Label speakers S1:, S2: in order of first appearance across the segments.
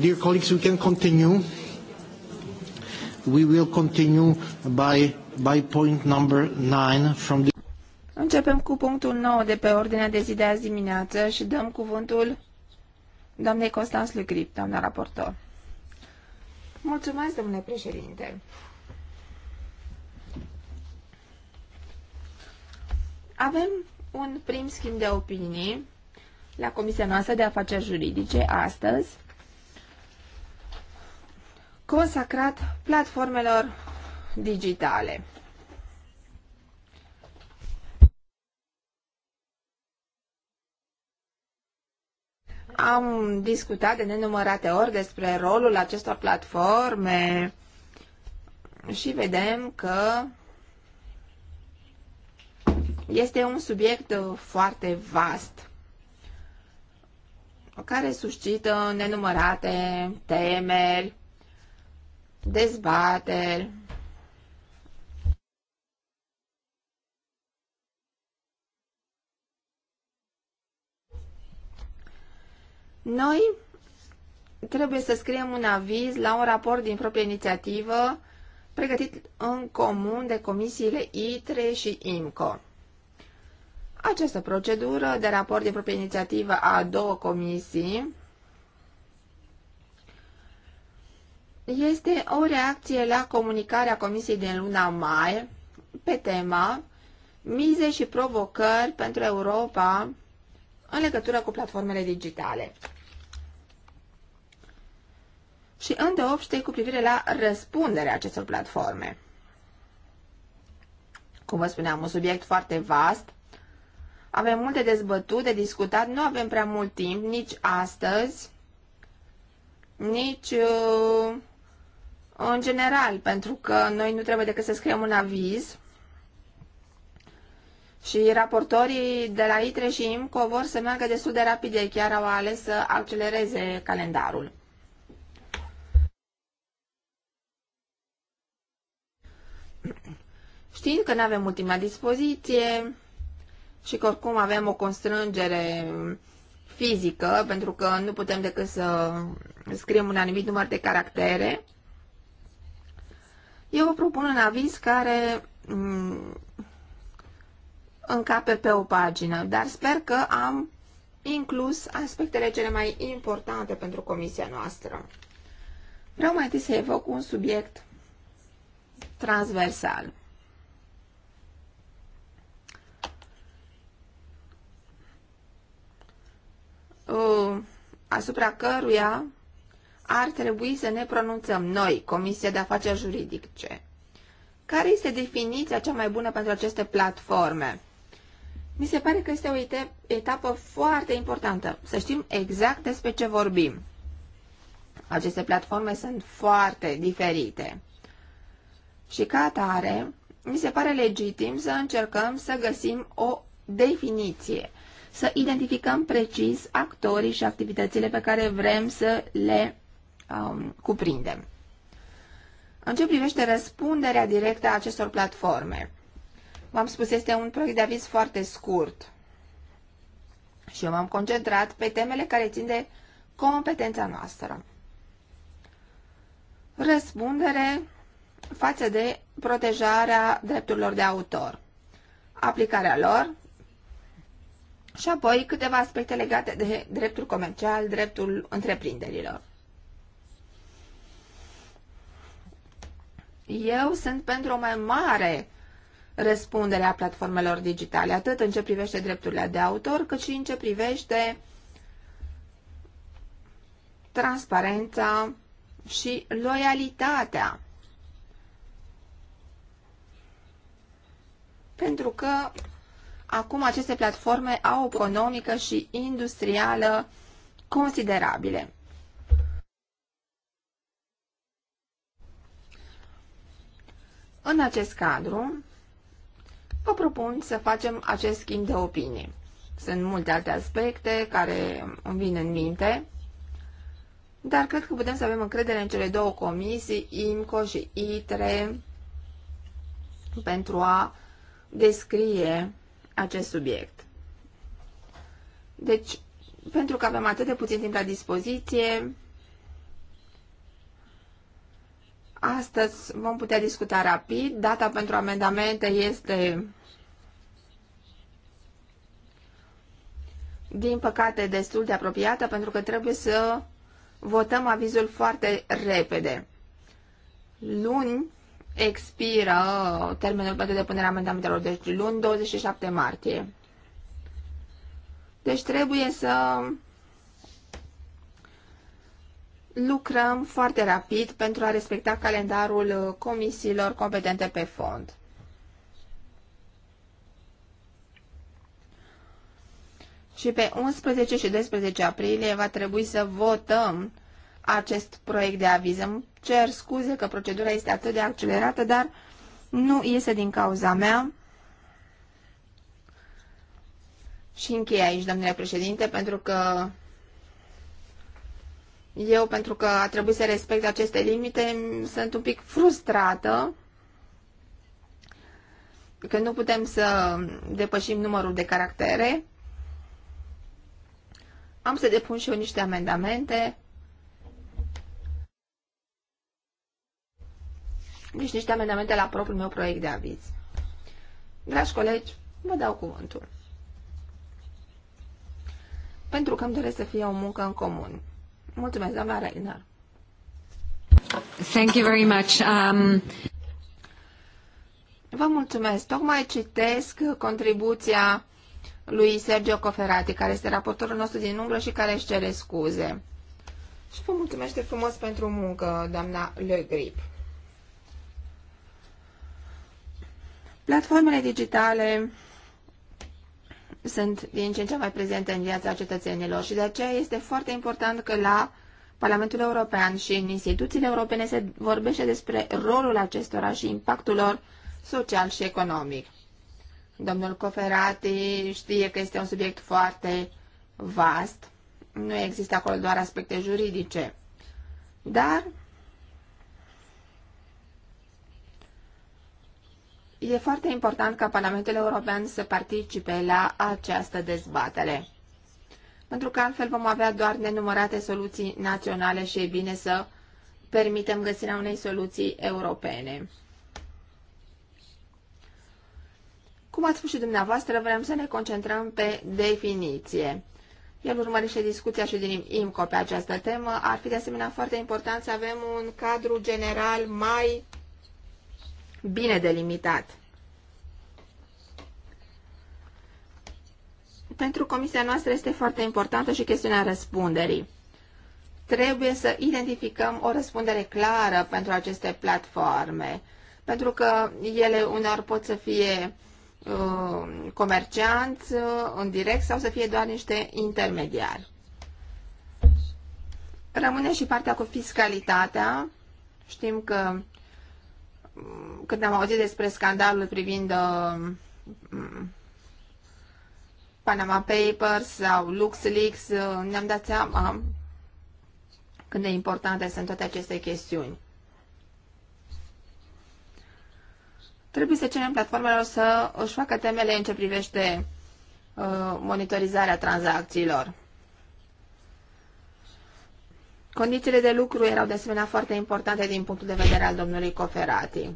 S1: Dear colleagues, we can continue. We will continue by, by point number nine from the... Începem cu punctul 9 de pe ordinea de zi de azi dimineață și dăm cuvântul doamnei Constans Lucrip, doamna raportor. Mulțumesc, domnule președinte. Avem un prim schimb de opinii la Comisia noastră de Afaceri Juridice astăzi consacrat platformelor digitale. Am discutat de nenumărate ori despre rolul acestor platforme și vedem că este un subiect foarte vast care suscită nenumărate temeri, dezbateri. Noi trebuie să scriem un aviz la un raport din proprie inițiativă pregătit în comun de comisiile ITRE și IMCO. Această procedură de raport din proprie inițiativă a două comisii Este o reacție la comunicarea Comisiei din luna mai pe tema mize și provocări pentru Europa în legătură cu platformele digitale. Și îndeopște cu privire la răspunderea acestor platforme. Cum vă spuneam, un subiect foarte vast. Avem multe dezbătute, de discutat, nu avem prea mult timp, nici astăzi, nici uh, în general, pentru că noi nu trebuie decât să scriem un aviz și raportorii de la ITRE și IMCO vor să meargă destul de rapid, ei chiar au ales să accelereze calendarul. Știind că nu avem mult timp la dispoziție și că oricum avem o constrângere fizică, pentru că nu putem decât să scriem un anumit număr de caractere, eu vă propun un aviz care mm, încape pe o pagină, dar sper că am inclus aspectele cele mai importante pentru comisia noastră. Vreau mai întâi să evoc un subiect transversal. Uh, asupra căruia ar trebui să ne pronunțăm noi, Comisia de Afaceri Juridice. Care este definiția cea mai bună pentru aceste platforme? Mi se pare că este o etapă foarte importantă, să știm exact despre ce vorbim. Aceste platforme sunt foarte diferite. Și ca atare, mi se pare legitim să încercăm să găsim o definiție, să identificăm precis actorii și activitățile pe care vrem să le um, cuprindem. În ce privește răspunderea directă a acestor platforme? V-am spus, este un proiect de aviz foarte scurt și eu m-am concentrat pe temele care țin de competența noastră. Răspundere față de protejarea drepturilor de autor, aplicarea lor și apoi câteva aspecte legate de dreptul comercial, dreptul întreprinderilor. Eu sunt pentru o mai mare răspundere a platformelor digitale, atât în ce privește drepturile de autor, cât și în ce privește transparența și loialitatea. Pentru că acum aceste platforme au o economică și industrială considerabile. În acest cadru, vă propun să facem acest schimb de opinie. Sunt multe alte aspecte care îmi vin în minte, dar cred că putem să avem încredere în cele două comisii, IMCO și ITRE, pentru a descrie acest subiect. Deci, pentru că avem atât de puțin timp la dispoziție, Astăzi vom putea discuta rapid. Data pentru amendamente este, din păcate, destul de apropiată pentru că trebuie să votăm avizul foarte repede. Luni expiră termenul pentru depunerea amendamentelor, deci luni 27 martie. Deci trebuie să lucrăm foarte rapid pentru a respecta calendarul uh, comisiilor competente pe fond. Și pe 11 și 12 aprilie va trebui să votăm acest proiect de aviz. Îmi cer scuze că procedura este atât de accelerată, dar nu iese din cauza mea. Și închei aici, domnule președinte, pentru că eu, pentru că a trebuit să respect aceste limite, sunt un pic frustrată că nu putem să depășim numărul de caractere. Am să depun și eu niște amendamente. Deci niște amendamente la propriul meu proiect de aviz. Dragi colegi, vă dau cuvântul. Pentru că îmi doresc să fie o muncă în comun. Mulțumesc, doamna Reina.
S2: Thank you very much. Um...
S1: Vă mulțumesc. Tocmai citesc contribuția lui Sergio Coferati, care este raportorul nostru din umbră și care își cere scuze. Și vă mulțumesc frumos pentru muncă, doamna Le Grip. Platformele digitale sunt din ce în ce mai prezente în viața cetățenilor și de aceea este foarte important că la Parlamentul European și în instituțiile europene se vorbește despre rolul acestora și impactul lor social și economic. Domnul Coferati știe că este un subiect foarte vast, nu există acolo doar aspecte juridice, dar E foarte important ca Parlamentul European să participe la această dezbatere, pentru că altfel vom avea doar nenumărate soluții naționale și e bine să permitem găsirea unei soluții europene. Cum ați spus și dumneavoastră, vrem să ne concentrăm pe definiție. El urmărește discuția și din IMCO pe această temă. Ar fi de asemenea foarte important să avem un cadru general mai bine delimitat. Pentru comisia noastră este foarte importantă și chestiunea răspunderii. Trebuie să identificăm o răspundere clară pentru aceste platforme, pentru că ele uneori pot să fie uh, comercianți uh, în direct sau să fie doar niște intermediari. Rămâne și partea cu fiscalitatea. Știm că când am auzit despre scandalul privind uh, Panama Papers sau LuxLeaks, uh, ne-am dat seama cât de importante sunt toate aceste chestiuni. Trebuie să cerem platformelor să își facă temele în ce privește uh, monitorizarea tranzacțiilor. Condițiile de lucru erau de asemenea foarte importante din punctul de vedere al domnului Coferati.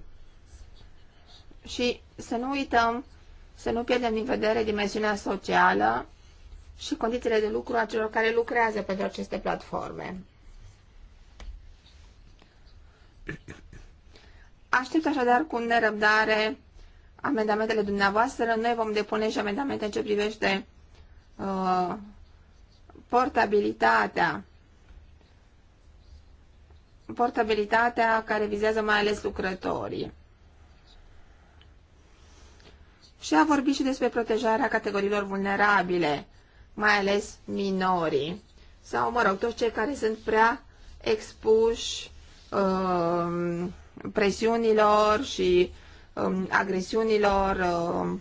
S1: Și să nu uităm, să nu pierdem din vedere dimensiunea socială și condițiile de lucru a celor care lucrează pentru aceste platforme. Aștept așadar cu nerăbdare amendamentele dumneavoastră. Noi vom depune și amendamente în ce privește uh, portabilitatea portabilitatea care vizează mai ales lucrătorii. Și a vorbit și despre protejarea categoriilor vulnerabile, mai ales minorii, sau, mă rog, toți cei care sunt prea expuși uh, presiunilor și um, agresiunilor uh,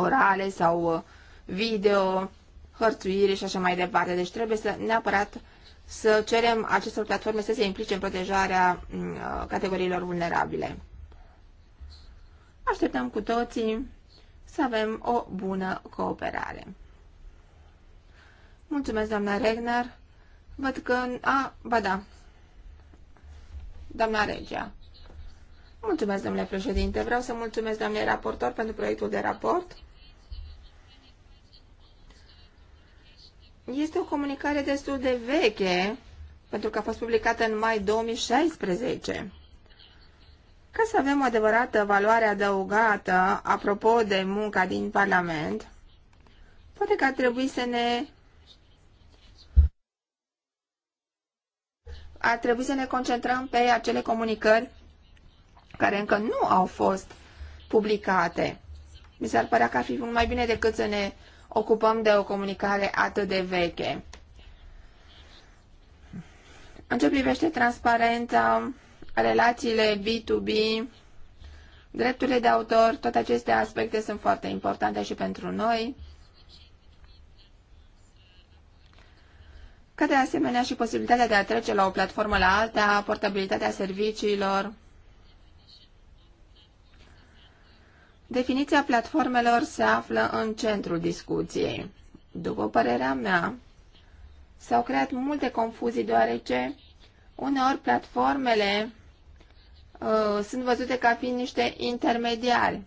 S1: orale sau uh, video, hărțuire și așa mai departe. Deci trebuie să neapărat să cerem acestor platforme să se implice în protejarea mm, uh, categoriilor vulnerabile. Așteptăm cu toții să avem o bună cooperare. Mulțumesc, doamna Regner. Văd că... A, ba da. Doamna Regia. Mulțumesc, domnule președinte. Vreau să mulțumesc, doamnei raportor, pentru proiectul de raport. Este o comunicare destul de veche, pentru că a fost publicată în mai 2016. Ca să avem o adevărată valoare adăugată apropo de munca din Parlament, poate că ar trebui să ne ar trebui să ne concentrăm pe acele comunicări care încă nu au fost publicate. Mi s-ar părea că ar fi mult mai bine decât să ne ocupăm de o comunicare atât de veche. În ce privește transparența, relațiile B2B, drepturile de autor, toate aceste aspecte sunt foarte importante și pentru noi. Ca de asemenea și posibilitatea de a trece la o platformă la alta, portabilitatea serviciilor, Definiția platformelor se află în centrul discuției. După părerea mea, s-au creat multe confuzii deoarece uneori platformele uh, sunt văzute ca fiind niște intermediari,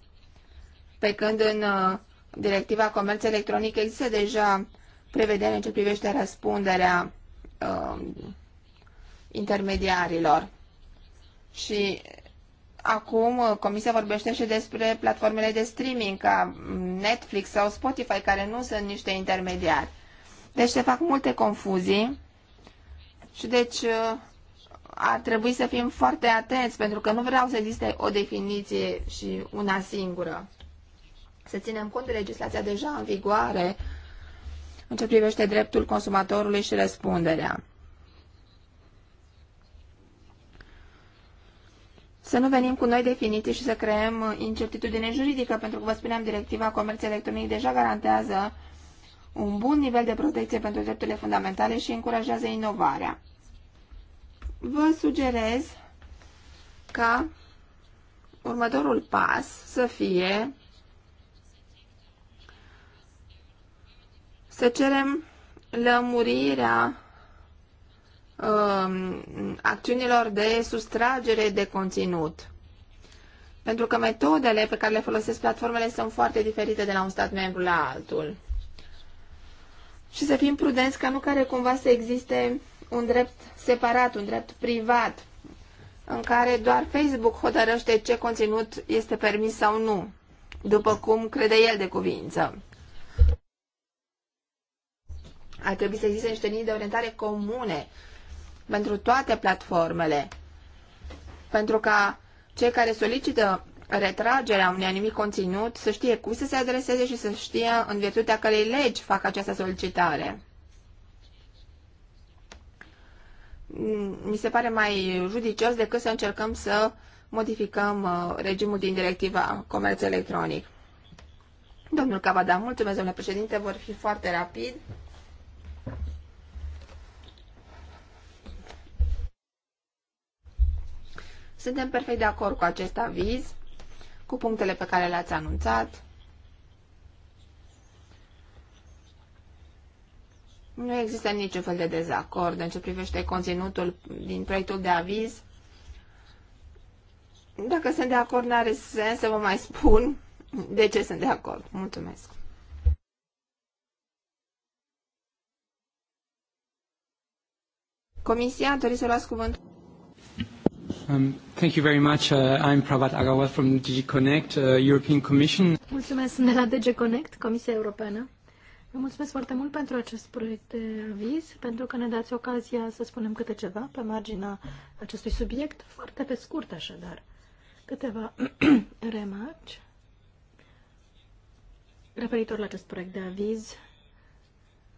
S1: pe când în uh, Directiva Comerț Electronic există deja prevedere în ce privește răspunderea uh, intermediarilor. Și Acum uh, Comisia vorbește și despre platformele de streaming ca mm, Netflix sau Spotify, care nu sunt niște intermediari. Deci se fac multe confuzii și deci uh, ar trebui să fim foarte atenți, pentru că nu vreau să existe o definiție și una singură. Să ținem cont de legislația deja în vigoare în ce privește dreptul consumatorului și răspunderea. să nu venim cu noi definiții și să creăm incertitudine juridică, pentru că, vă spuneam, directiva comerțului electronic deja garantează un bun nivel de protecție pentru drepturile fundamentale și încurajează inovarea. Vă sugerez ca următorul pas să fie să cerem lămurirea uh, acțiunilor de sustragere de conținut. Pentru că metodele pe care le folosesc platformele sunt foarte diferite de la un stat membru la altul. Și să fim prudenți ca nu care cumva să existe un drept separat, un drept privat, în care doar Facebook hotărăște ce conținut este permis sau nu, după cum crede el de cuvință. Ar trebui să existe niște linii de orientare comune pentru toate platformele, pentru ca cei care solicită retragerea unui anumit conținut să știe cum să se adreseze și să știe în virtutea cărei legi fac această solicitare. Mi se pare mai judicios decât să încercăm să modificăm uh, regimul din directiva comerț electronic. Domnul Cavada, mulțumesc, domnule președinte, vor fi foarte rapid. Suntem perfect de acord cu acest aviz, cu punctele pe care le-ați anunțat. Nu există niciun fel de dezacord în ce privește conținutul din proiectul de aviz. Dacă sunt de acord, n-are sens să vă mai spun de ce sunt de acord. Mulțumesc! Comisia, doriți să luați cuvântul?
S2: Um, thank you very much. Uh, I'm Pravat Agarwal from DG Connect, uh, European Commission.
S3: Mulțumesc, sunt de la DG Connect, Comisia Europeană. Vă mulțumesc foarte mult pentru acest proiect de aviz, pentru că ne dați ocazia să spunem câte ceva pe marginea acestui subiect, foarte pe scurt așadar. Câteva remarci referitor la acest proiect de aviz.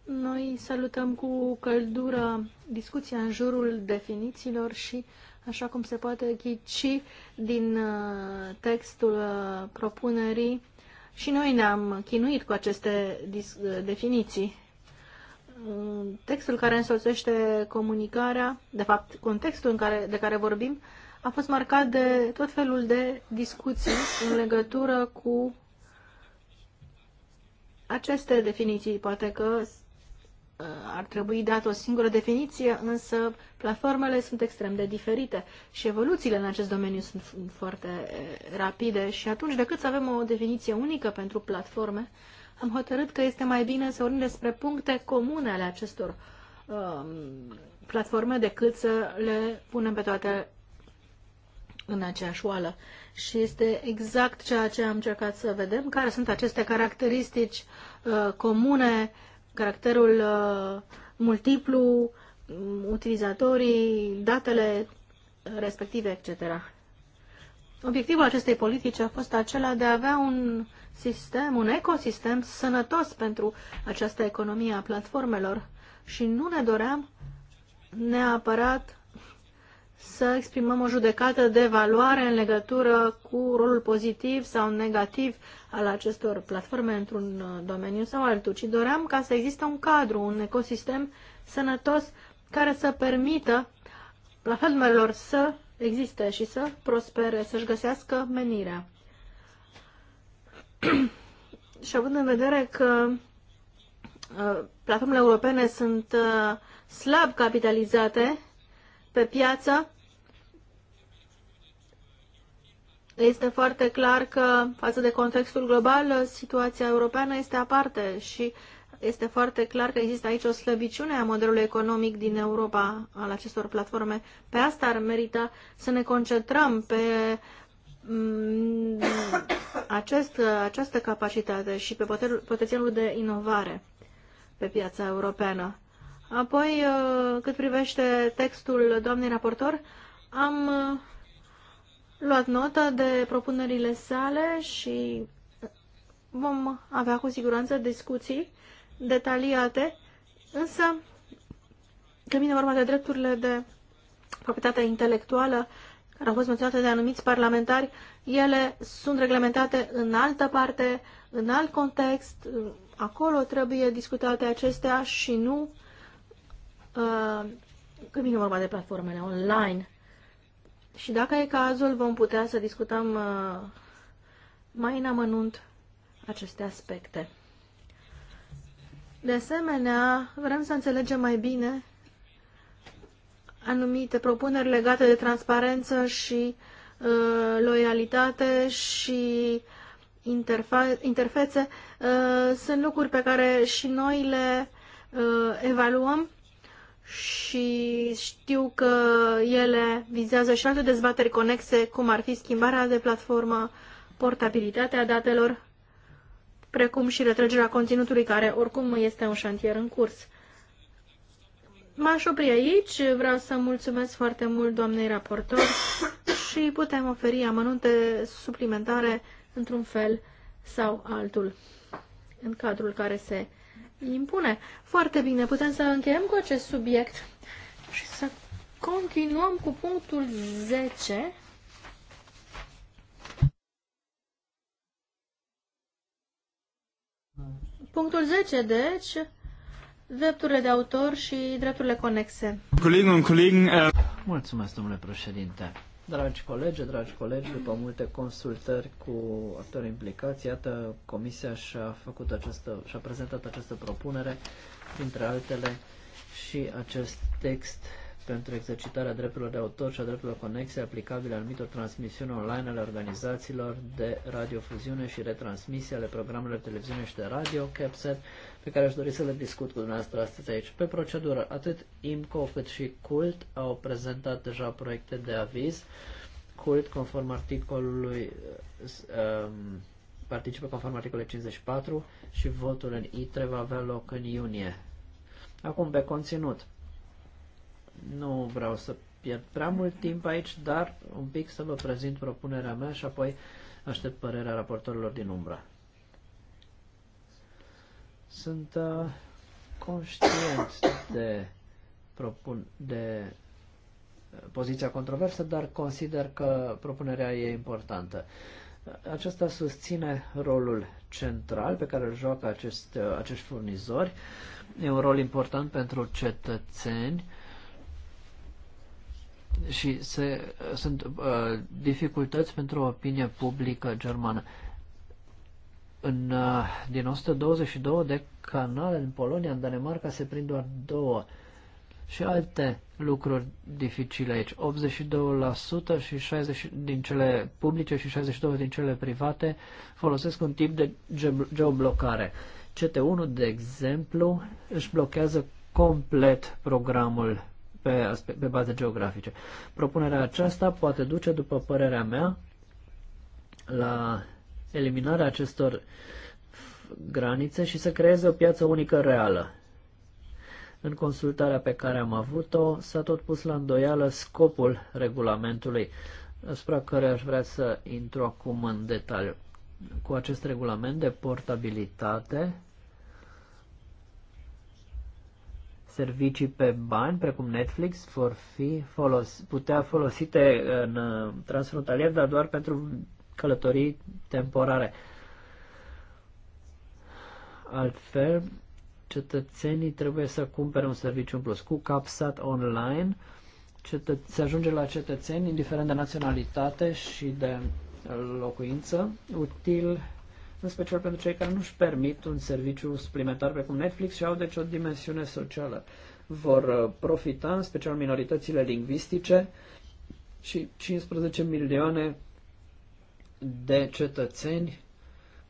S3: Noi salutăm cu căldură discuția în jurul definițiilor și așa cum se poate ghici din uh, textul uh, propunerii. Și noi ne-am chinuit cu aceste uh, definiții. Mm, textul care însoțește comunicarea, de fapt contextul în care, de care vorbim, a fost marcat de tot felul de discuții în legătură cu aceste definiții. Poate că ar trebui dat o singură definiție, însă platformele sunt extrem de diferite și evoluțiile în acest domeniu sunt foarte eh, rapide și atunci, decât să avem o definiție unică pentru platforme, am hotărât că este mai bine să urmim despre puncte comune ale acestor um, platforme decât să le punem pe toate în aceeași oală. Și este exact ceea ce am încercat să vedem, care sunt aceste caracteristici uh, comune uh, caracterul uh, multiplu, mm, utilizatorii, datele respective, etc. Obiectivul acestei politici a fost acela de a avea un sistem, un ecosistem sănătos pentru această economie a platformelor și nu ne doream neapărat să exprimăm o judecată de valoare în legătură cu rolul pozitiv sau negativ al acestor platforme într-un uh, domeniu sau altul, ci doream ca să existe un cadru, un ecosistem sănătos care să permită platformelor să existe și să prospere, să-și găsească menirea. și având în vedere că uh, platformele europene sunt uh, slab capitalizate, pe piață. Este foarte clar că, față de contextul global, situația europeană este aparte și este foarte clar că există aici o slăbiciune a modelului economic din Europa al acestor platforme. Pe asta ar merita să ne concentrăm pe mm, acest, această capacitate și pe potențialul de inovare pe piața europeană. Apoi, uh, cât privește textul doamnei raportor, am uh, luat notă de propunerile sale și vom avea cu siguranță discuții detaliate, însă când vine vorba de drepturile de proprietate intelectuală, care au fost menționate de anumiți parlamentari, ele sunt reglementate în altă parte, în alt context, acolo trebuie discutate acestea și nu uh, Uh, când vine vorba de platformele online. Și dacă e cazul, vom putea să discutăm uh, mai în amănunt aceste aspecte. De asemenea, vrem să înțelegem mai bine anumite propuneri legate de transparență și uh, loialitate și interfa- interfețe. Uh, sunt lucruri pe care și noi le uh, evaluăm și știu că ele vizează și alte dezbateri conexe, cum ar fi schimbarea de platformă, portabilitatea datelor, precum și retragerea conținutului, care oricum este un șantier în curs. M-aș opri aici, vreau să mulțumesc foarte mult doamnei raportor și putem oferi amănunte suplimentare într-un fel sau altul în cadrul care se impune. Foarte bine, putem să încheiem cu acest subiect și să continuăm cu punctul 10. Punctul 10, deci, drepturile de autor și drepturile conexe.
S2: Colegii, colegi, uh... Mulțumesc, domnule președinte. Dragi colegi, dragi colegi, după multe consultări cu actori implicați, iată, Comisia și-a, făcut această, și-a prezentat această propunere, printre altele, și acest text pentru exercitarea drepturilor de autor și a drepturilor conexe aplicabile anumitor transmisiuni online ale organizațiilor de radiofuziune și retransmisie ale programelor televiziune și de radio, CAPSET, pe care aș dori să le discut cu dumneavoastră astăzi aici. Pe procedură, atât IMCO cât și CULT au prezentat deja proiecte de aviz. CULT, conform articolului, um, participă conform articolului 54 și votul în ITRE va avea loc în iunie. Acum, pe conținut. Nu vreau să pierd prea mult timp aici, dar un pic să vă prezint propunerea mea și apoi aștept părerea raportorilor din umbra. Sunt uh, conștient de, propun, de uh, poziția controversă, dar consider că propunerea e importantă. Aceasta susține rolul central pe care îl joacă acest, uh, acești furnizori. E un rol important pentru cetățeni și se, sunt uh, dificultăți pentru opinia publică germană. În, uh, din 122 de canale în Polonia, în Danemarca, se prind doar două. Și alte lucruri dificile aici. 82% și 60 din cele publice și 62% din cele private folosesc un tip de geoblocare. CT1, de exemplu, își blochează complet programul pe, pe baze geografice. Propunerea aceasta poate duce, după părerea mea, la eliminarea acestor granițe și să creeze o piață unică reală. În consultarea pe care am avut-o, s-a tot pus la îndoială scopul regulamentului, asupra care aș vrea să intru acum în detaliu. Cu acest regulament de portabilitate, servicii pe bani, precum Netflix, vor fi folos- putea folosite în transfrontalier, dar doar pentru călătorii temporare. Altfel, cetățenii trebuie să cumpere un serviciu în plus. Cu CapSat Online se ajunge la cetățeni, indiferent de naționalitate și de locuință, util în special pentru cei care nu-și permit un serviciu suplimentar precum Netflix și au deci o dimensiune socială. Vor uh, profita, în special minoritățile lingvistice, și 15 milioane de cetățeni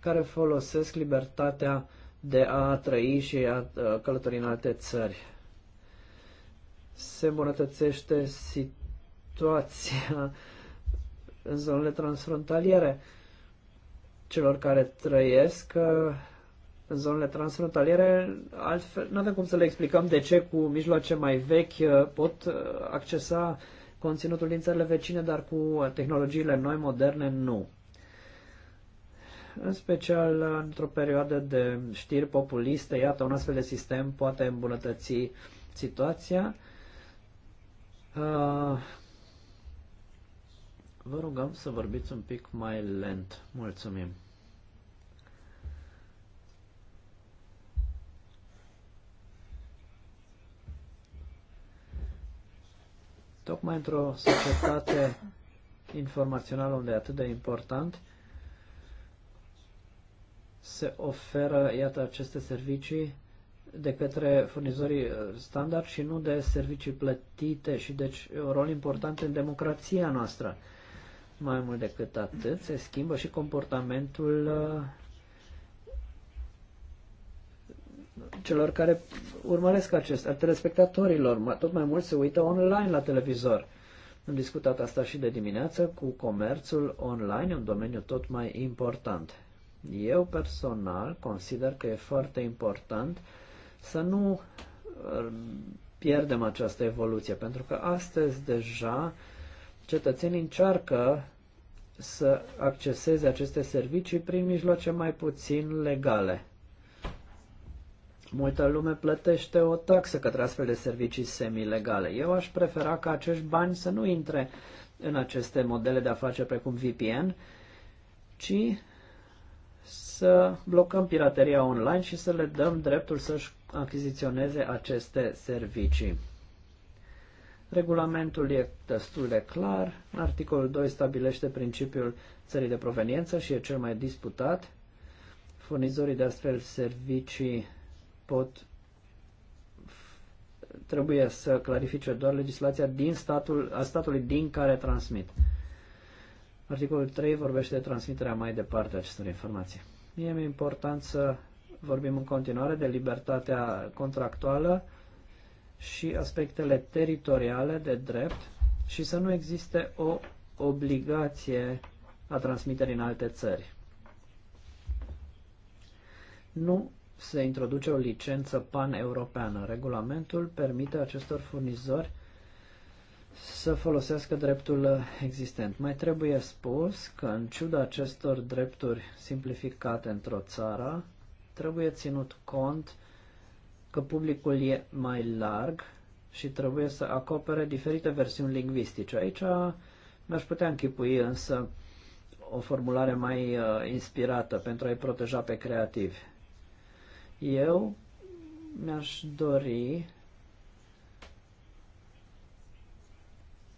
S2: care folosesc libertatea de a trăi și a uh, călători în alte țări. Se îmbunătățește situația în zonele transfrontaliere celor care trăiesc uh, în zonele transfrontaliere, altfel nu avem cum să le explicăm de ce cu mijloace mai vechi uh, pot accesa conținutul din țările vecine, dar cu tehnologiile noi, moderne, nu. În special într-o perioadă de știri populiste, iată, un astfel de sistem poate îmbunătăți situația. Uh, vă rugăm să vorbiți un pic mai lent. Mulțumim. Tocmai într-o societate informațională unde e atât de important, se oferă, iată, aceste servicii de către furnizorii uh, standard și nu de servicii plătite și deci un rol important în democrația noastră. Mai mult decât atât, se schimbă și comportamentul uh, celor care urmăresc acest, a telespectatorilor. Tot mai mult se uită online la televizor. Am discutat asta și de dimineață cu comerțul online, un domeniu tot mai important. Eu personal consider că e foarte important să nu uh, pierdem această evoluție, pentru că astăzi deja cetățenii încearcă să acceseze aceste servicii prin mijloace mai puțin legale. Multă lume plătește o taxă către astfel de servicii semi-legale. Eu aș prefera ca acești bani să nu intre în aceste modele de afaceri precum VPN, ci să blocăm pirateria online și să le dăm dreptul să-și achiziționeze aceste servicii. Regulamentul e destul de clar. Articolul 2 stabilește principiul țării de proveniență și e cel mai disputat. Furnizorii de astfel servicii pot trebuie să clarifice doar legislația din statul, a statului din care transmit. Articolul 3 vorbește de transmiterea mai departe acestor informații. Mie mi-e important să vorbim în continuare de libertatea contractuală și aspectele teritoriale de drept și să nu existe o obligație a transmiterii în alte țări. Nu se introduce o licență pan-europeană. Regulamentul permite acestor furnizori să folosească dreptul existent. Mai trebuie spus că, în ciuda acestor drepturi simplificate într-o țară, trebuie ținut cont că publicul e mai larg și trebuie să acopere diferite versiuni lingvistice. Aici mi-aș putea închipui însă o formulare mai uh, inspirată pentru a-i proteja pe creativi. Eu mi-aș dori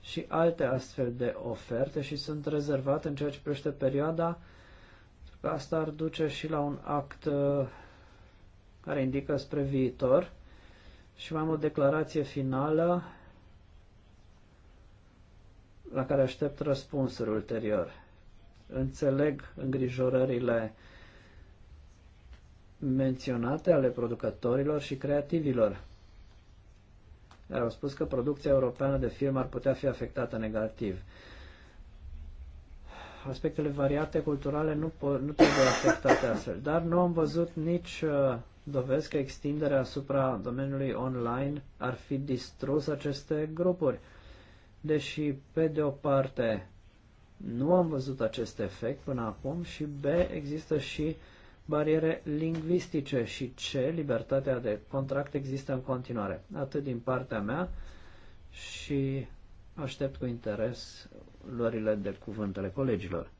S2: și alte astfel de oferte și sunt rezervat în ceea ce privește perioada, asta ar duce și la un act uh, care indică spre viitor și mai am o declarație finală la care aștept răspunsuri ulterior. Înțeleg îngrijorările menționate ale producătorilor și creativilor. Dar au spus că producția europeană de film ar putea fi afectată negativ. Aspectele variate culturale nu, po- nu trebuie afectate astfel, dar nu am văzut nici uh, dovezi că extinderea asupra domeniului online ar fi distrus aceste grupuri. Deși, pe de o parte, nu am văzut acest efect până acum și B, există și uh, bariere lingvistice și ce libertatea de contract există în continuare. Atât din partea mea și aștept cu interes luările de cuvântele colegilor.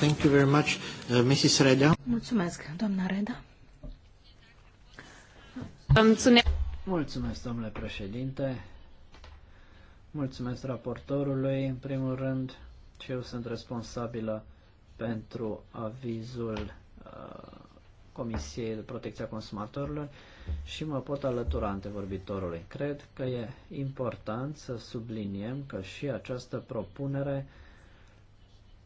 S2: Thank you very much, uh, Mrs. Reda.
S3: Mulțumesc, doamna Reda.
S2: Mulțumesc, domnule președinte. Mulțumesc raportorului, în primul rând, și eu sunt responsabilă pentru avizul Uh, Comisiei de Protecția Consumatorilor și mă pot alătura antevorbitorului. Cred că e important să subliniem că și această propunere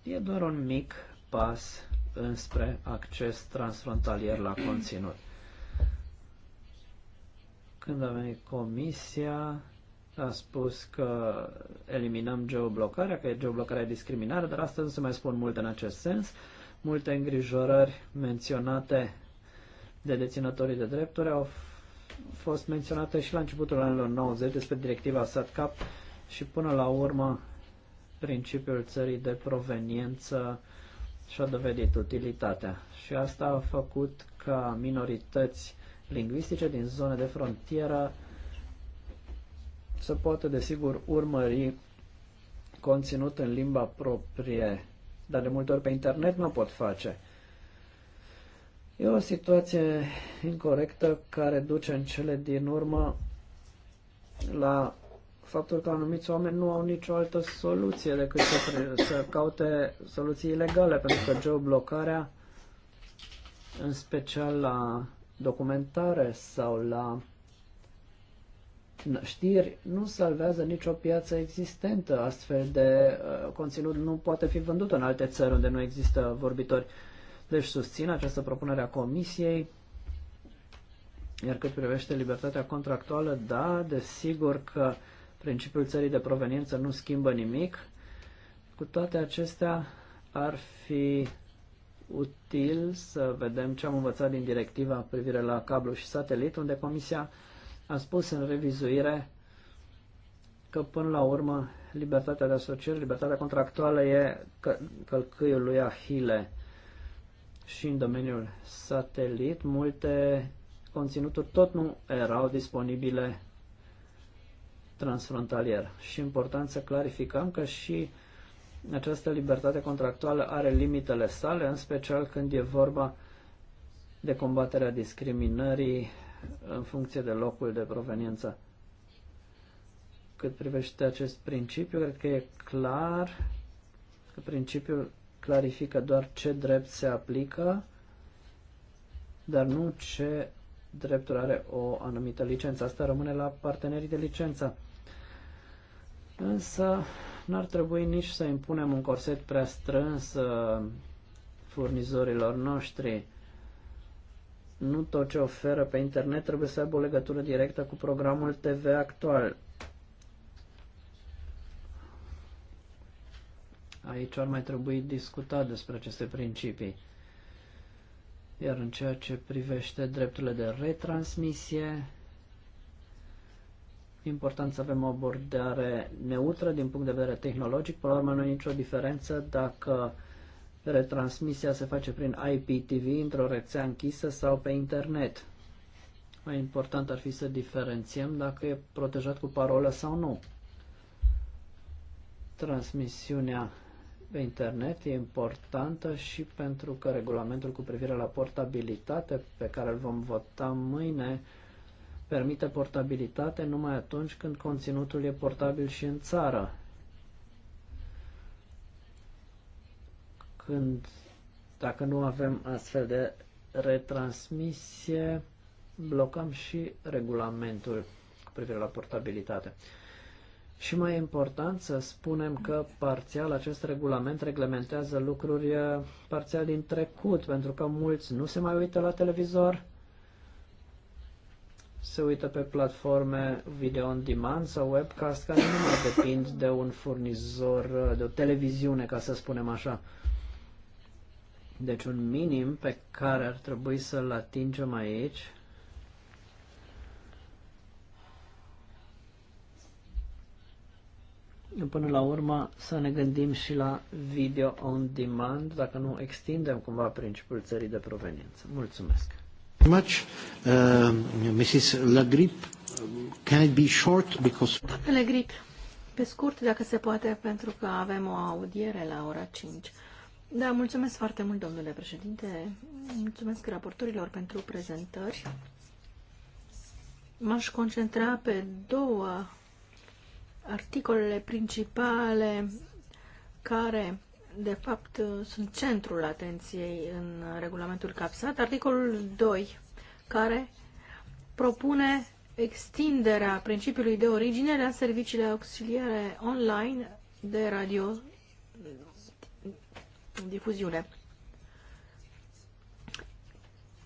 S2: e doar un mic pas înspre acces transfrontalier la conținut. Când a venit comisia, a spus că eliminăm geoblocarea, că geoblocarea e discriminare, dar astăzi nu se mai spun mult în acest sens. Multe îngrijorări menționate de deținătorii de drepturi au fost menționate și la începutul anilor 90 despre directiva SATCAP și până la urmă principiul țării de proveniență și-a dovedit utilitatea. Și asta a făcut ca minorități lingvistice din zone de frontieră să poată, desigur, urmări conținut în limba proprie dar de multe ori pe internet nu pot face. E o situație incorrectă care duce în cele din urmă la faptul că anumiți oameni nu au nicio altă soluție decât să, să caute soluții ilegale, pentru că geoblocarea, în special la documentare sau la știri nu salvează nicio piață existentă. Astfel de uh, conținut nu poate fi vândut în alte țări unde nu există vorbitori. Deci susțin această propunere a Comisiei. Iar cât privește libertatea contractuală, da, desigur că principiul țării de proveniență nu schimbă nimic. Cu toate acestea, ar fi util să vedem ce am învățat din directiva privire la cablu și satelit, unde Comisia a spus în revizuire că până la urmă libertatea de asociere, libertatea contractuală e călcâiul lui Ahile și în domeniul satelit multe conținuturi tot nu erau disponibile transfrontalier. Și important să clarificăm că și această libertate contractuală are limitele sale, în special când e vorba de combaterea discriminării în funcție de locul de proveniență. Cât privește acest principiu, cred că e clar că principiul clarifică doar ce drept se aplică, dar nu ce dreptul are o anumită licență. Asta rămâne la partenerii de licență. Însă n-ar trebui nici să impunem un corset prea strâns uh, furnizorilor noștri nu tot ce oferă pe internet trebuie să aibă o legătură directă cu programul TV actual. Aici ar mai trebui discutat despre aceste principii. Iar în ceea ce privește drepturile de retransmisie, important să avem o abordare neutră din punct de vedere tehnologic. Până la urmă, nu e nicio diferență dacă Retransmisia se face prin IPTV într-o rețea închisă sau pe internet. Mai important ar fi să diferențiem dacă e protejat cu parolă sau nu. Transmisiunea pe internet e importantă și pentru că regulamentul cu privire la portabilitate pe care îl vom vota mâine permite portabilitate numai atunci când conținutul e portabil și în țară. când, dacă nu avem astfel de retransmisie, blocăm și regulamentul cu privire la portabilitate. Și mai important să spunem că parțial acest regulament reglementează lucruri uh, parțial din trecut, pentru că mulți nu se mai uită la televizor, se uită pe platforme video on demand sau webcast care nu mai depind de un furnizor, uh, de o televiziune, ca să spunem așa. Deci un minim pe care ar trebui să-l atingem aici până la urmă să ne gândim și la video on demand, dacă nu extindem cumva principiul țării de proveniență. Mulțumesc. Much, uh, Mrs. Lagrip, can it be short because... Lagrip,
S3: pe scurt, dacă se poate, pentru că avem o audiere la ora 5. Da, mulțumesc foarte mult, domnule președinte. Mulțumesc raportorilor pentru prezentări. M-aș concentra pe două articolele principale care, de fapt, sunt centrul atenției în regulamentul CAPSAT. Articolul 2, care propune extinderea principiului de origine la serviciile auxiliare online de radio difuziune.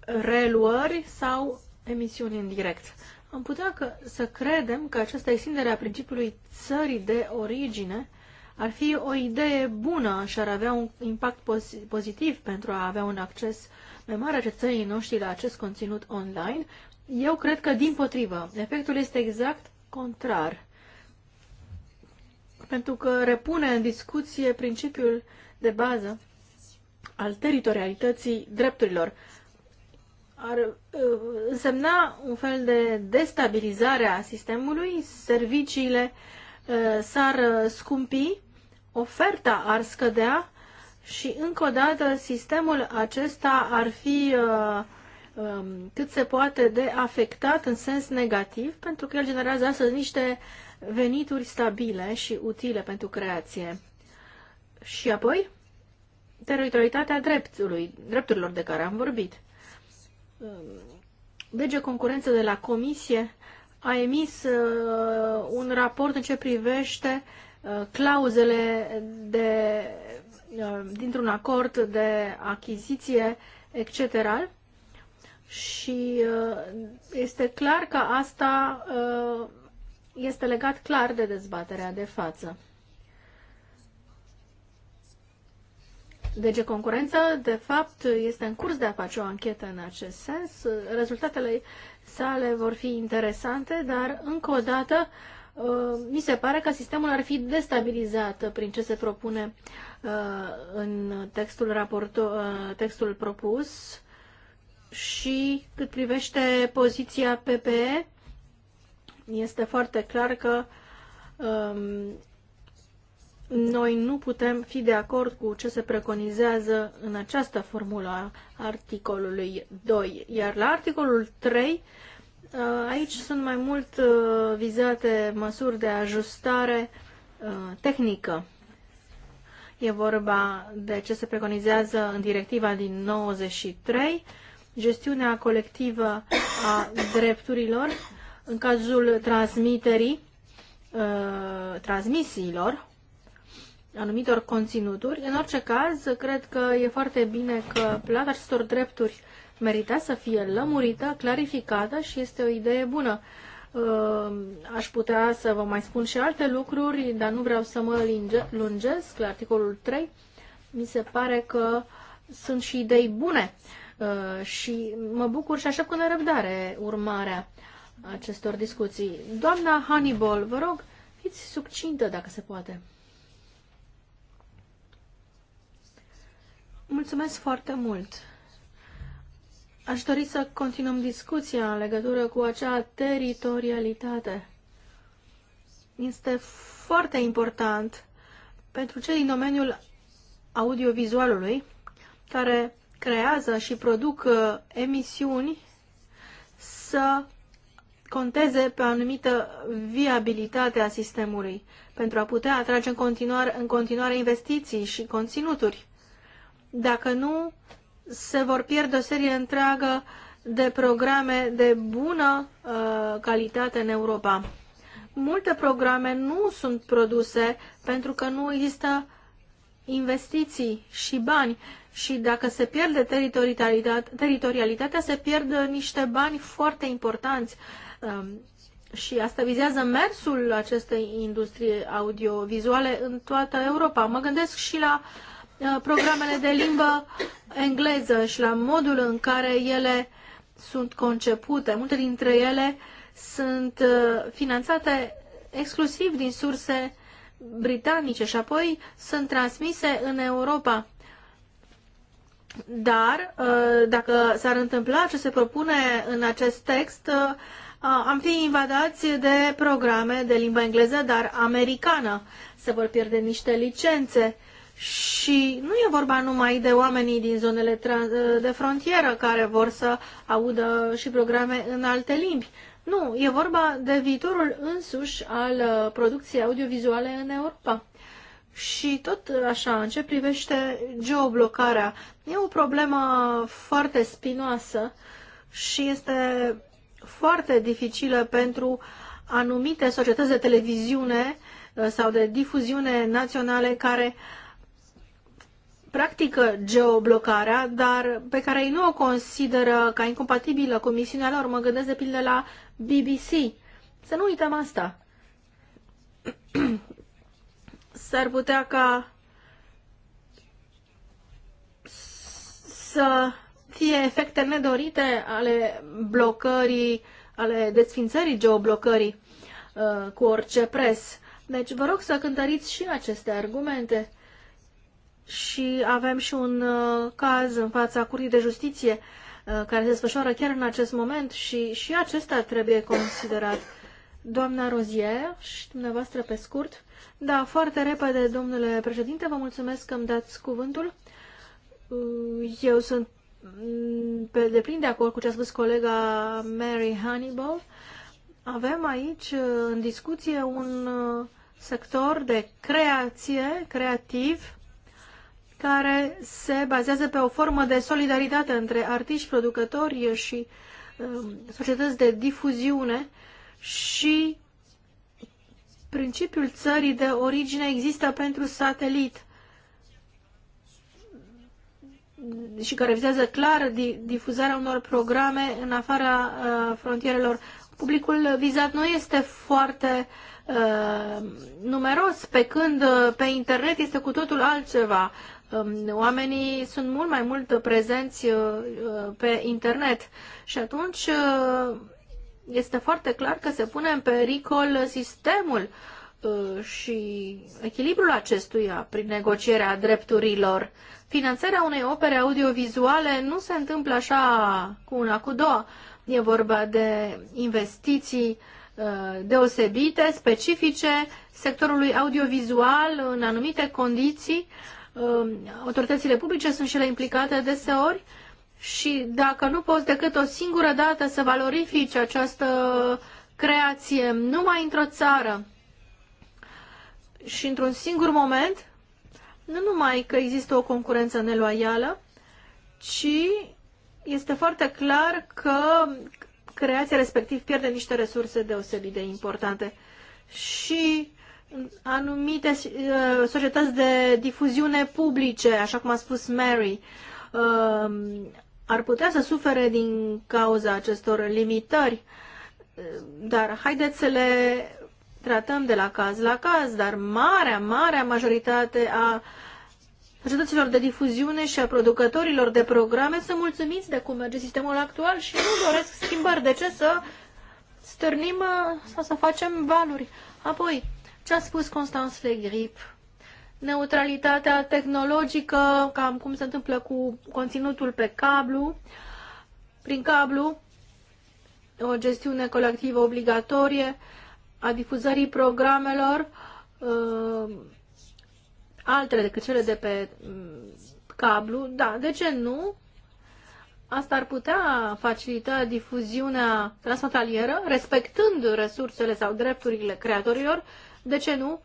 S3: Reluări sau emisiuni în direct. Am putea că, să credem că această extindere a principiului țării de origine ar fi o idee bună și ar avea un impact pozitiv pentru a avea un acces mai mare a cetățenii noștri la acest conținut online. Eu cred că, din potrivă, efectul este exact contrar. Pentru că repune în discuție principiul uh, de bază al teritorialității drepturilor. Ar uh, însemna un fel de destabilizare a sistemului, serviciile uh, s-ar scumpi, oferta ar scădea și, încă o dată, sistemul acesta ar fi uh, um, cât se poate de afectat în sens negativ, pentru că el generează astăzi niște venituri stabile și utile pentru creație. Și apoi, teritorialitatea dreptului, drepturilor de care am vorbit. DG Concurență de la Comisie a emis uh, un raport în ce privește uh, clauzele de, uh, dintr-un acord de achiziție, etc. Și este clar că asta este legat clar de dezbaterea de față. DG deci, Concurență, de fapt, este în curs de a face o anchetă în acest sens. Rezultatele sale vor fi interesante, dar, încă o dată, uh, mi se pare că sistemul ar fi destabilizat prin ce se propune uh, în textul, raporto, uh, textul propus și cât privește poziția PPE, este foarte clar că um, noi nu putem fi de acord cu ce se preconizează în această formulă a articolului 2. Iar la articolul 3, uh, aici sunt mai mult uh, vizate măsuri de ajustare uh, tehnică. E vorba de ce se preconizează în directiva din 93, gestiunea colectivă a drepturilor în cazul transmiterii, transmisiilor anumitor conținuturi. În orice caz, cred că e foarte bine că plata acestor drepturi merita să fie lămurită, clarificată și este o idee bună. Uh, aș putea să vă mai spun și alte lucruri, dar nu vreau să mă lungesc la articolul 3. Mi se pare că sunt și idei bune uh, și mă bucur și aștept cu nerăbdare urmarea acestor discuții. Doamna Hannibal, vă rog, fiți succintă dacă se poate. Mulțumesc foarte mult! Aș dori să continuăm discuția în legătură cu acea teritorialitate. Este foarte important pentru cei din domeniul audiovizualului care creează și produc uh, emisiuni să conteze pe o anumită viabilitate a sistemului pentru a putea atrage în continuare, în continuare investiții și conținuturi. Dacă nu, se vor pierde o serie întreagă de programe de bună uh, calitate în Europa. Multe programe nu sunt produse pentru că nu există investiții și bani și dacă se pierde teritorialitatea, se pierd niște bani foarte importanți. Um, și asta vizează mersul acestei industrie audiovizuale în toată Europa. Mă gândesc și la uh, Uh, programele de limbă engleză și la modul în care ele sunt concepute. Multe dintre ele sunt uh, finanțate exclusiv din surse britanice și apoi sunt transmise în Europa. Dar, uh, dacă s-ar întâmpla ce se propune în acest text, am fi invadați de programe de limba engleză, dar americană. Se vor pierde niște licențe și nu e vorba numai de oamenii din zonele de frontieră care vor să audă și programe în alte limbi. Nu, e vorba de viitorul însuși al uh, producției audiovizuale în Europa. Și tot așa, în ce privește geoblocarea, e o problemă foarte spinoasă și este foarte dificilă pentru anumite societăți de televiziune uh, sau de difuziune naționale care uh, practică geoblocarea, dar pe care ei nu o consideră ca incompatibilă cu misiunea lor. Mă gândesc de pildă la BBC. Să nu uităm asta. S-ar putea ca să fie efecte nedorite ale blocării, ale desfințării geoblocării uh, cu orice pres. Deci vă rog să cântăriți și aceste argumente și avem și un uh, caz în fața Curii de Justiție uh, care se desfășoară chiar în acest moment și, și acesta trebuie considerat. Doamna Rozier și dumneavoastră pe scurt. Da, foarte repede, domnule președinte, vă mulțumesc că îmi dați cuvântul. Uh, eu sunt mm, pe deplin de acord cu ce a spus colega Mary Hannibal. Avem aici în discuție un sector de creație, creativ, care se bazează pe o formă de solidaritate între artiști, producători și um, societăți de difuziune și principiul țării de origine există pentru satelit și care vizează clar difuzarea unor programe în afara uh, frontierelor. Publicul vizat nu este foarte uh, numeros, pe când uh, pe internet este cu totul altceva. Um, oamenii sunt mult mai mult prezenți uh, uh, pe internet și atunci uh, este foarte clar că se pune în pericol sistemul și echilibrul acestuia prin negocierea drepturilor. Finanțarea unei opere audiovizuale nu se întâmplă așa cu una cu două. E vorba de investiții deosebite, specifice sectorului audiovizual în anumite condiții Um, autoritățile publice sunt și ele implicate deseori și dacă nu poți decât o singură dată să valorifici această creație numai într-o țară și într-un singur moment, nu numai că există o concurență neloială, ci este foarte clar că creația respectiv pierde niște resurse deosebit de importante. Și anumite uh, societăți de difuziune publice, așa cum a spus Mary, um, ar putea să sufere din cauza acestor limitări, uh, dar haideți să le tratăm de la caz la caz, dar marea, marea majoritate a societăților de difuziune și a producătorilor de programe sunt mulțumiți de cum merge sistemul actual și nu doresc schimbări. De ce să stârnim uh, sau să facem valuri? Apoi, ce a spus Constans Le Grip, neutralitatea tehnologică, cam cum se întâmplă cu conținutul pe cablu, prin cablu, o gestiune colectivă obligatorie a difuzării programelor uh, altele decât cele de pe mm, cablu. Da, de ce nu? Asta ar putea facilita difuziunea transfrontalieră, respectând resursele sau drepturile creatorilor de ce nu?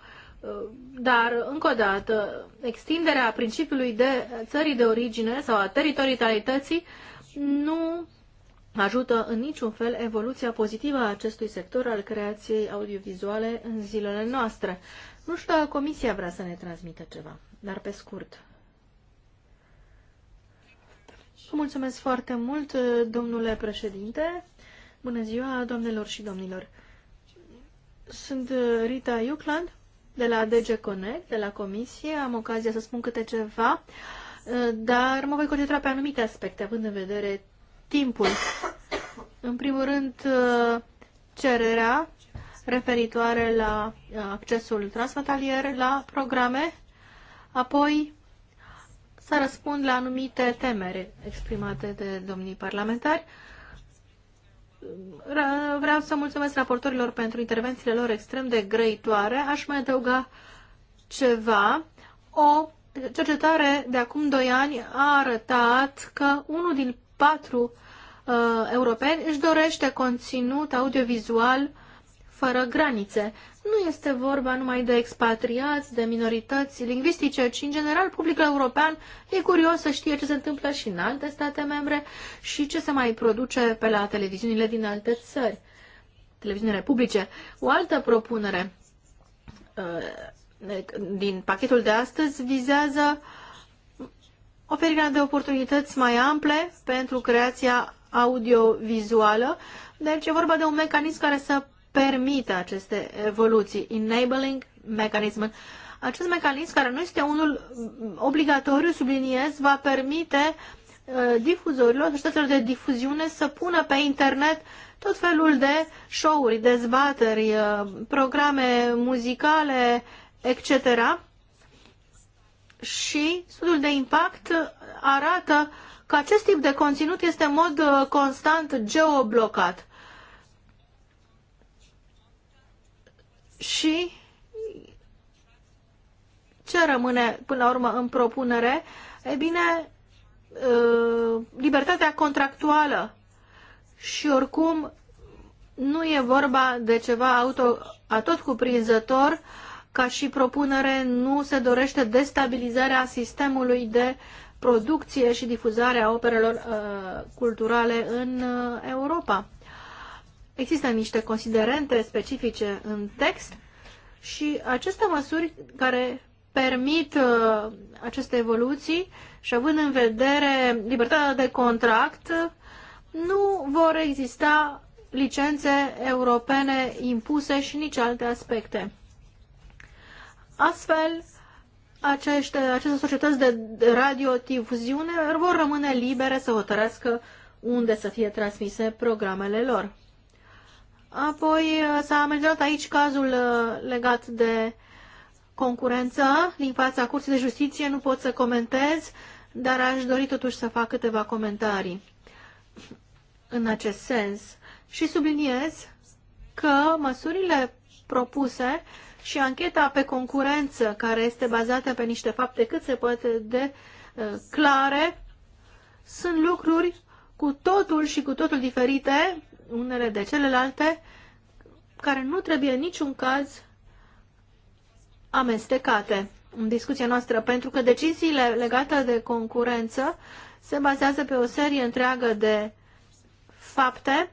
S3: Dar, încă o dată, extinderea principiului de țării de origine sau a teritorialității nu ajută în niciun fel evoluția pozitivă a acestui sector al creației audiovizuale în zilele noastre. Nu știu dacă Comisia vrea să ne transmită ceva, dar pe scurt. Vă mulțumesc foarte mult, domnule președinte. Bună ziua, domnilor și domnilor. Sunt uh, Rita Iucland de la DG Connect, de la Comisie. Am ocazia să spun câte ceva, uh, dar mă voi concentra pe anumite aspecte, având în vedere timpul. În primul rând, uh, cererea referitoare la accesul transfrontalier la programe, apoi să răspund la anumite temere exprimate de domnii parlamentari Vreau să mulțumesc raportorilor pentru intervențiile lor extrem de grăitoare. Aș mai adăuga ceva. O cercetare de acum 2 ani a arătat că unul din patru uh, europeni își dorește conținut audiovizual fără granițe nu este vorba numai de expatriați, de minorități lingvistice, ci în general publicul european e curios să știe ce se întâmplă și în alte state membre și ce se mai produce pe la televiziunile din alte țări, televiziunile publice. O altă propunere uh, din pachetul de astăzi vizează oferirea de oportunități mai ample pentru creația audiovizuală. Deci e vorba de un mecanism care să permită aceste evoluții, enabling mechanism. Acest mecanism, care nu este unul obligatoriu, subliniez, va permite uh, difuzorilor, societăților de difuziune să pună pe internet tot felul de show-uri, dezbateri, uh, programe muzicale, etc. Și studiul de impact arată că acest tip de conținut este în mod uh, constant geoblocat. și ce rămâne până la urmă în propunere? E bine, uh, libertatea contractuală și oricum nu e vorba de ceva auto, atot cuprinzător ca și propunere nu se dorește destabilizarea sistemului de producție și difuzare a operelor uh, culturale în uh, Europa există niște considerente specifice în text și aceste măsuri care permit uh, aceste evoluții și având în vedere libertatea de contract, nu vor exista licențe europene impuse și nici alte aspecte. Astfel, acești, aceste societăți de radiotifuziune vor rămâne libere să hotărească unde să fie transmise programele lor. Apoi uh, s-a menționat aici cazul uh, legat de concurență din fața Curții de Justiție, nu pot să comentez, dar aș dori totuși să fac câteva comentarii în acest sens și subliniez că măsurile propuse și ancheta pe concurență, care este bazată pe niște fapte cât se poate de uh, clare, sunt lucruri cu totul și cu totul diferite unele de celelalte, care nu trebuie în niciun caz amestecate în discuția noastră, pentru că deciziile legate de concurență se bazează pe o serie întreagă de fapte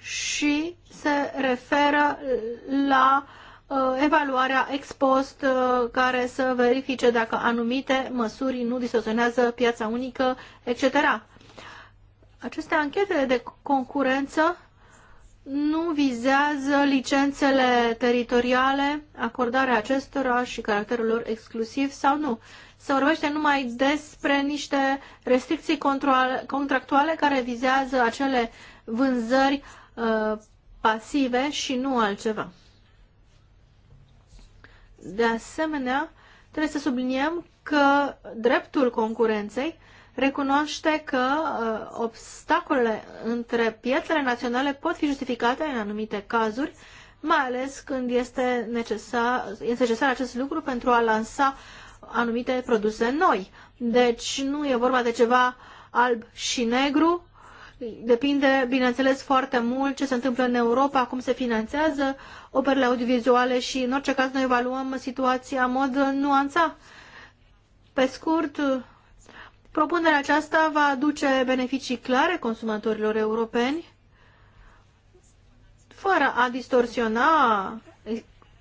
S3: și se referă la uh, evaluarea ex post uh, care să verifice dacă anumite măsuri nu distorsionează piața unică, etc. Aceste anchete de concurență nu vizează licențele teritoriale, acordarea acestora și caracterul lor exclusiv sau nu. Se vorbește numai despre niște restricții contractuale care vizează acele vânzări uh, pasive și nu altceva. De asemenea, trebuie să subliniem că dreptul concurenței recunoaște că uh, obstacolele între piețele naționale pot fi justificate în anumite cazuri, mai ales când este necesar, este necesar acest lucru pentru a lansa anumite produse noi. Deci nu e vorba de ceva alb și negru, depinde, bineînțeles, foarte mult ce se întâmplă în Europa, cum se finanțează operele audiovizuale și, în orice caz, noi evaluăm situația în mod nuanța. Pe scurt, Propunerea aceasta va aduce beneficii clare consumatorilor europeni, fără a distorsiona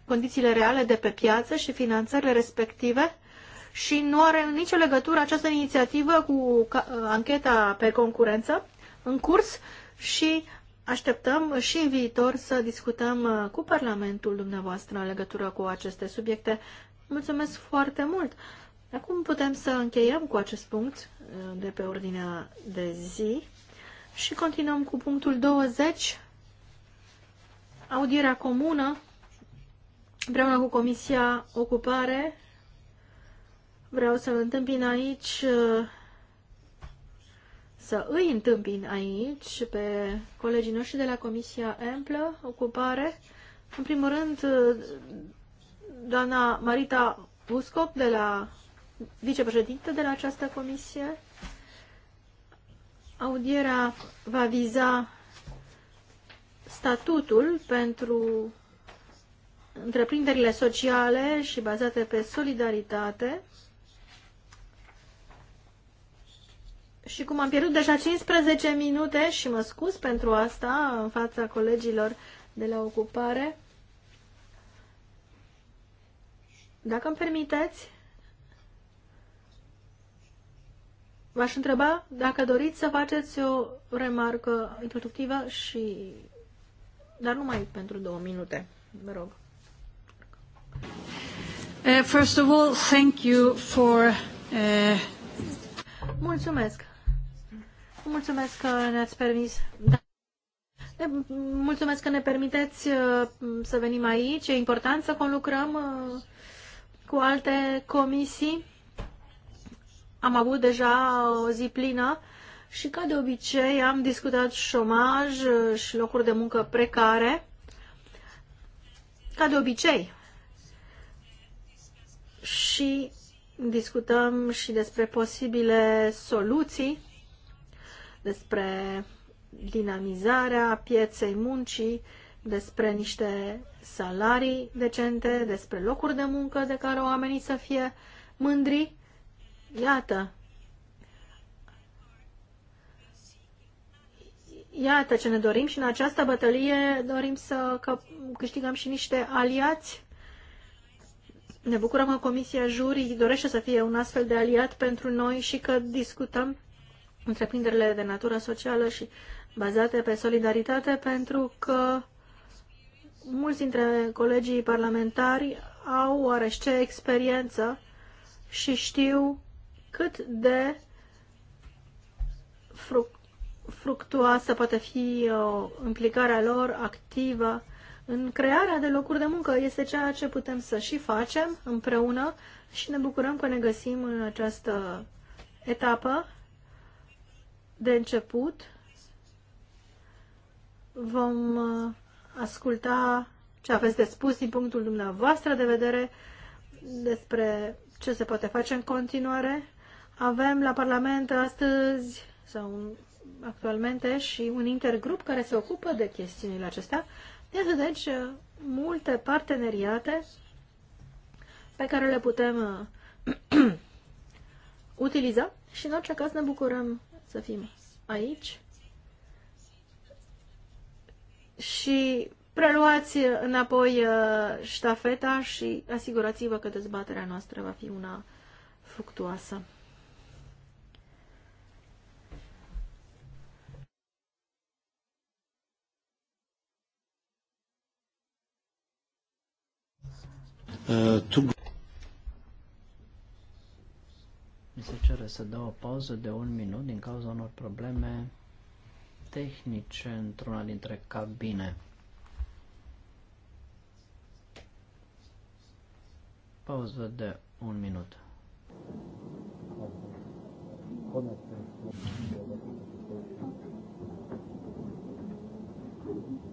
S3: condițiile reale de pe piață și finanțările respective și nu are nicio legătură această inițiativă cu ancheta pe concurență în curs și așteptăm și în viitor să discutăm uh, cu Parlamentul dumneavoastră în legătură cu aceste subiecte. Mulțumesc foarte mult! Acum putem să încheiem cu acest punct uh, de pe ordinea de zi și continuăm cu punctul 20, audierea comună împreună cu Comisia Ocupare. Vreau să-l întâmpin aici, uh, să îi întâmpin aici pe colegii noștri de la Comisia Amplă Ocupare. În primul rând, uh, doamna Marita Buscop de la vicepreședinte de la această comisie. Audierea va viza statutul pentru întreprinderile sociale și bazate pe solidaritate. Și cum am pierdut deja 15 minute și mă scuz pentru asta în fața colegilor de la ocupare, dacă îmi permiteți, V-aș întreba dacă doriți să faceți o remarcă introductivă și... dar numai pentru două minute, vă rog. Uh, first of all, thank you for... Uh... Mulțumesc. Mulțumesc că ne-ați permis. Da. Mulțumesc că ne permiteți uh, să venim aici. E important să conlucrăm uh, cu alte comisii am avut deja o zi plină și, ca de obicei, am discutat șomaj uh, și locuri de muncă precare. Ca de obicei. Și discutăm și despre posibile soluții, despre dinamizarea pieței muncii, despre niște salarii decente, despre locuri de muncă de care oamenii să fie mândri Iată. Iată ce ne dorim și în această bătălie dorim să câștigăm și niște aliați. Ne bucurăm că Comisia Jurii dorește să fie un astfel de aliat pentru noi și că discutăm întreprinderile de natură socială și bazate pe solidaritate pentru că mulți dintre colegii parlamentari au oarește experiență și știu cât de fructuoasă poate fi o uh, implicarea lor activă în crearea de locuri de muncă. Este ceea ce putem să și facem împreună și ne bucurăm că ne găsim în această etapă de început. Vom uh, asculta ce aveți de spus din punctul dumneavoastră de vedere despre ce se poate face în continuare avem la Parlament astăzi sau actualmente și un intergrup care se ocupă de chestiunile acestea. Iată deci multe parteneriate pe care le putem uh, utiliza și în orice caz ne bucurăm să fim aici și preluați înapoi uh, ștafeta și asigurați-vă că dezbaterea noastră va fi una fructuoasă.
S2: uh, Mi se cere să dau o pauză de un minut din cauza unor probleme tehnice într-una dintre cabine. Pauză de un minut. you.